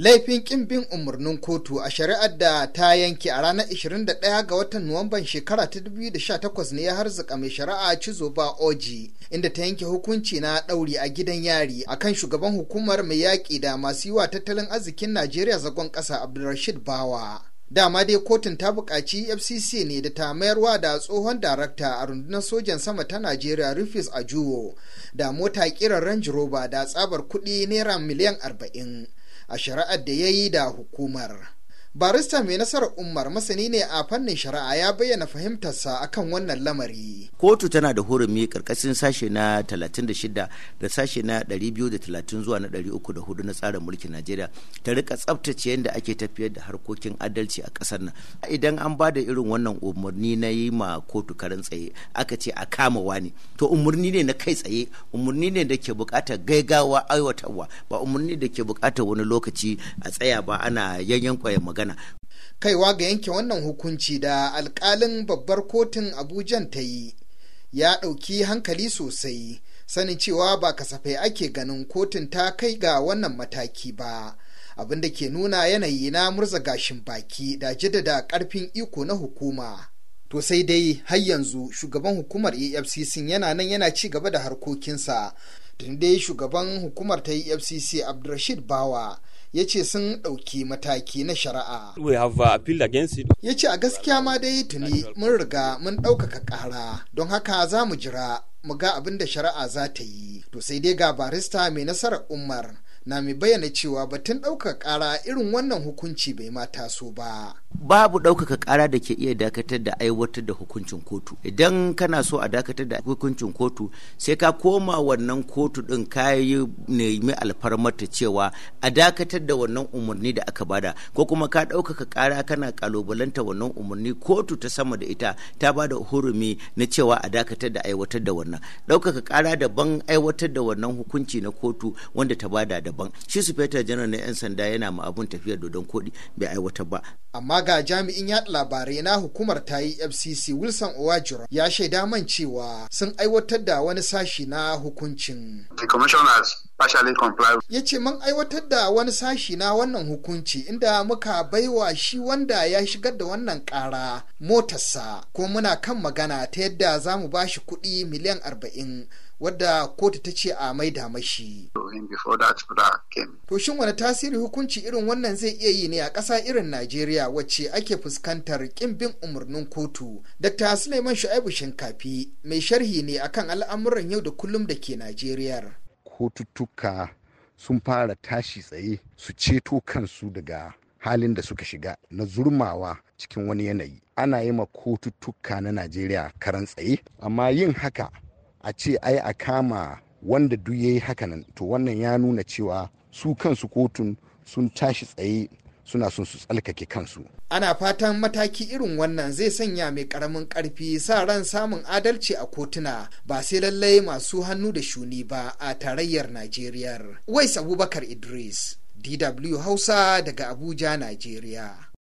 laifin ƙin bin umarnin kotu a shari'ar da ta yanke a ranar 21 ga watan nuwamban shekara ta 2018 ne ya harzuka mai shari'a cizoba oji inda ta yanke hukunci na ɗauri a gidan yari akan shugaban hukumar mai yaƙi da masu yiwa tattalin arzikin najeriya zagon ƙasa abdulrashid bawa dama dai kotun ta buƙaci fcc ne da ta mayarwa da tsohon darakta a rundunar sojan sama ta najeriya rufus ajuwo da mota kiran range rover da tsabar kuɗi naira miliyan 40. a shari'ar da ya yi da hukumar barista mai nasarar umar masani ne a fannin shari'a ya bayyana fahimtarsa akan wannan lamari kotu tana da hurumi karkashin sashe na 36 da sashe na 230 zuwa na 304 na tsarin mulkin najeriya ta rika tsabtace yadda ake tafiyar da harkokin adalci a kasar nan idan an ba da irin wannan umarni na yi ma kotu karin tsaye aka ce a kama wani to umarni ne na kai tsaye umarni ne da ke buƙatar gaigawa aiwatarwa ba umarni da ke bukatar wani lokaci a tsaya ba ana yayyan magana magana kaiwa ga yanke wannan hukunci da alkalin babbar kotun abujan ta yi ya ɗauki hankali sosai sanin cewa ba kasafai ake ganin kotun ta kai ga wannan mataki ba abin da ke nuna yanayi na murza gashin baki da jaddada ƙarfin iko na hukuma to sai dai har yanzu shugaban hukumar efcc yana nan yana ci gaba da harkokinsa tun dai shugaban hukumar ta efcc abdulrashid bawa ya ce sun ɗauki mataki na shari'a. We have uh, appealed against it. Ya ce a gaskiya ma dai tuni mun riga mun ɗaukaka ƙara don haka za mu jira mu ga abin da shari'a za ta yi. To sai dai ga barista mai nasarar Umar na mai bayyana cewa batun ɗaukaka ƙara irin wannan hukunci bai ma taso ba. Babu ɗaukaka ƙara da ke iya dakatar da aiwatar da hukuncin kotu. Idan kana so a dakatar da hukuncin kotu sai ka koma wannan kotu ɗin ka nemi alfarmata cewa a dakatar da wannan umarni da aka bada ko kuma ka ɗaukaka ƙara kana ƙalubalanta wannan umarni kotu ta sama da ita ta bada hurumi na cewa a dakatar da aiwatar da wannan. Ɗaukaka ƙara daban aiwatar da wannan hukunci na kotu wanda ta bada daban. daban shi su fetar janar na 'yan sanda yana ma abun tafiyar dodon kodi bai aiwata ba amma ga jami'in yaɗa labarai na hukumar ta yi fcc wilson owajiro ya shaida man cewa sun aiwatar da wani sashi na hukuncin ya ce mun aiwatar da wani sashi na wannan hukunci inda muka baiwa shi wanda ya shigar da wannan kara motarsa ko muna kan magana ta yadda za mu ba shi kuɗi miliyan arba'in wadda kotu ta ce a maida mashi. To shin wani tasiri hukunci irin wannan zai iya yi ne a ƙasa irin Najeriya wacce ake fuskantar ƙin bin umarnin kotu. Dr. Suleiman Shu'aibu Shinkafi mai sharhi ne akan al'amuran yau da kullum da ke Najeriya. Kotuttuka sun fara tashi tsaye su ceto kansu daga halin da suka shiga na zurmawa cikin wani yanayi. Ana yi ma kotuttuka na Najeriya karan tsaye, amma yin haka a ce ai a kama wanda duk ya yi hakanan to wannan ya nuna cewa su kansu kotun sun tashi tsaye suna son su tsalkake kansu. Ana fatan mataki irin wannan zai sanya mai karamin karfi sa ran samun adalci a kotuna ba sai lallai masu hannu da shuni ba a tarayyar Najeriya. Wais Abubakar Idris, DW Hausa daga Abuja, Najeriya.